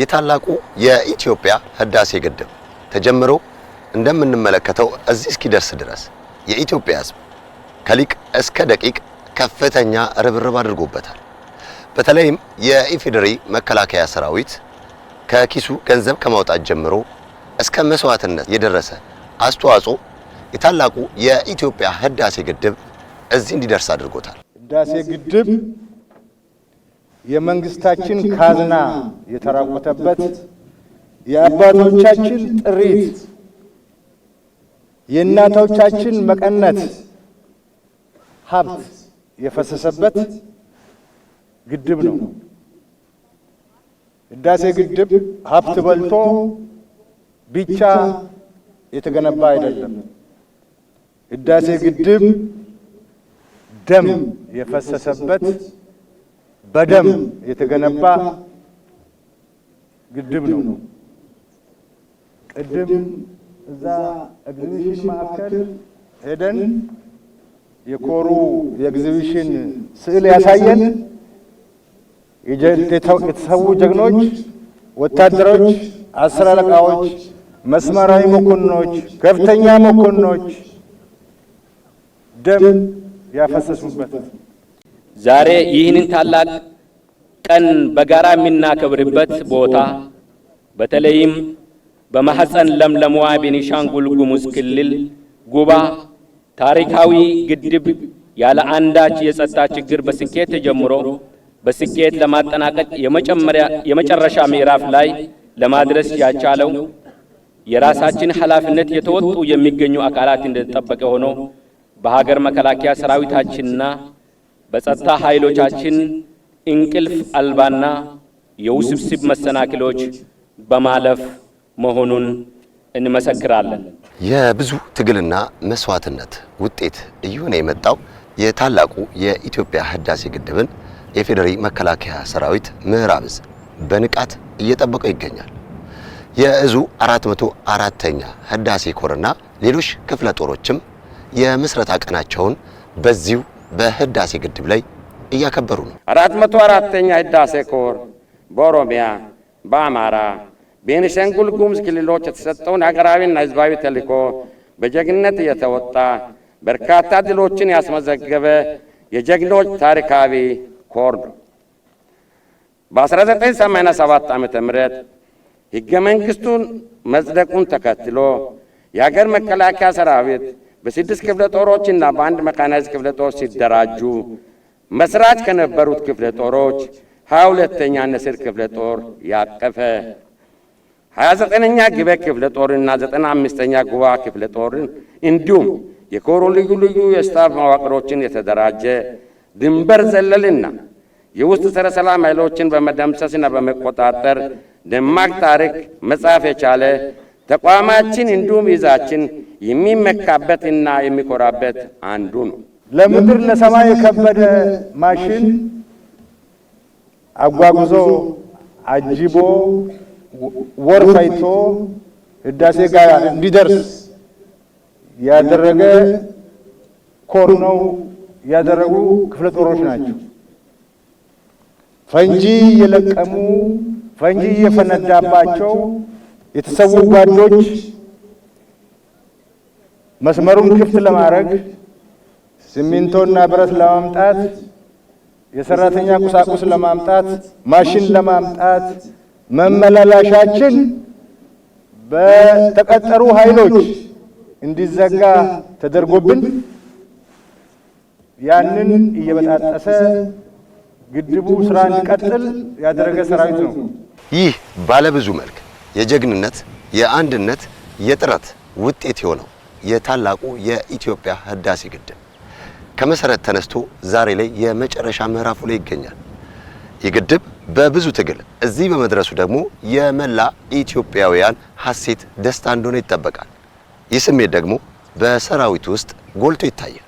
የታላቁ የኢትዮጵያ ህዳሴ ግድብ ተጀምሮ እንደምንመለከተው እዚህ እስኪደርስ ድረስ የኢትዮጵያ ህዝብ ከሊቅ እስከ ደቂቅ ከፍተኛ ርብርብ አድርጎበታል። በተለይም የኢፌዴሪ መከላከያ ሰራዊት ከኪሱ ገንዘብ ከማውጣት ጀምሮ እስከ መስዋዕትነት የደረሰ አስተዋጽኦ የታላቁ የኢትዮጵያ ህዳሴ ግድብ እዚህ እንዲደርስ አድርጎታል። ህዳሴ ግድብ የመንግስታችን ካዝና የተራቆተበት የአባቶቻችን ጥሪት የእናቶቻችን መቀነት ሀብት የፈሰሰበት ግድብ ነው። ህዳሴ ግድብ ሀብት በልቶ ብቻ የተገነባ አይደለም። ህዳሴ ግድብ ደም የፈሰሰበት በደም የተገነባ ግድብ ነው። ቅድም እዛ ኤግዚቢሽን ማዕከል ሄደን የኮሩ የኤግዚቢሽን ስዕል ያሳየን የተሰዉ ጀግኖች፣ ወታደሮች፣ አስር አለቃዎች፣ መስመራዊ መኮንኖች፣ ከፍተኛ መኮንኖች ደም ያፈሰሱበት ዛሬ ይህንን ታላቅ ቀን በጋራ የምናከብርበት ቦታ በተለይም በማህፀን ለምለምዋ ቤኒሻንጉል ጉሙዝ ክልል ጉባ ታሪካዊ ግድብ ያለ አንዳች የጸጥታ ችግር በስኬት ተጀምሮ በስኬት ለማጠናቀቅ የመጨረሻ ምዕራፍ ላይ ለማድረስ ያቻለው የራሳችን ኃላፊነት የተወጡ የሚገኙ አካላት እንደተጠበቀ ሆኖ በሀገር መከላከያ ሰራዊታችንና በጸጥታ ኃይሎቻችን እንቅልፍ አልባና የውስብስብ መሰናክሎች በማለፍ መሆኑን እንመሰክራለን። የብዙ ትግልና መስዋዕትነት ውጤት እየሆነ የመጣው የታላቁ የኢትዮጵያ ህዳሴ ግድብን የፌዴሪ መከላከያ ሰራዊት ምዕራብ እዝ በንቃት እየጠበቀ ይገኛል። የእዙ 404ኛ ህዳሴ ኮርና ሌሎች ክፍለ ጦሮችም የምስረታ ቀናቸውን በዚሁ በህዳሴ ግድብ ላይ እያከበሩ ነው። አራት መቶ አራተኛ ህዳሴ ኮር በኦሮሚያ በአማራ፣ ቤኒሻንጉል ጉሙዝ ክልሎች የተሰጠውን ሀገራዊና ህዝባዊ ተልዕኮ በጀግነት እየተወጣ በርካታ ድሎችን ያስመዘገበ የጀግኖች ታሪካዊ ኮር ነው። በ1987 ዓ ም ህገ መንግስቱን መጽደቁን ተከትሎ የሀገር መከላከያ ሰራዊት በስድስት ክፍለ ጦሮችና በአንድ መካናይዝ ክፍለ ጦር ሲደራጁ መስራች ከነበሩት ክፍለ ጦሮች ሀያ ሁለተኛ ንስር ክፍለ ጦር ያቀፈ ሀያ ዘጠነኛ ግበ ክፍለ ጦርና ዘጠና አምስተኛ ጉባ ክፍለ ጦርን እንዲሁም የኮሮ ልዩ ልዩ የስታፍ መዋቅሮችን የተደራጀ ድንበር ዘለልና የውስጥ ሰረ ሰላም ኃይሎችን በመደምሰስና በመቆጣጠር ደማቅ ታሪክ መጻፍ የቻለ ተቋማችን እንዲሁም ይዛችን የሚመካበትና የሚኮራበት አንዱ ነው። ለምድር ለሰማይ የከበደ ማሽን አጓጉዞ አጅቦ ወርፈይቶ ህዳሴ ጋር እንዲደርስ ያደረገ ኮር ነው ያደረጉ ክፍለ ጦሮች ናቸው። ፈንጂ የለቀሙ ፈንጂ እየፈነዳባቸው። የተሰዉ ጓዶች መስመሩን ክፍት ለማድረግ ሲሚንቶና ብረት ለማምጣት የሰራተኛ ቁሳቁስ ለማምጣት ማሽን ለማምጣት መመላላሻችን በተቀጠሩ ኃይሎች እንዲዘጋ ተደርጎብን ያንን እየበጣጠሰ ግድቡ ስራ እንዲቀጥል ያደረገ ሰራዊት ነው። ይህ ባለብዙ መልክ የጀግንነት የአንድነት የጥረት ውጤት የሆነው የታላቁ የኢትዮጵያ ህዳሴ ግድብ ከመሰረት ተነስቶ ዛሬ ላይ የመጨረሻ ምዕራፉ ላይ ይገኛል። ይህ ግድብ በብዙ ትግል እዚህ በመድረሱ ደግሞ የመላ ኢትዮጵያውያን ሀሴት፣ ደስታ እንደሆነ ይጠበቃል። ይህ ስሜት ደግሞ በሰራዊቱ ውስጥ ጎልቶ ይታያል።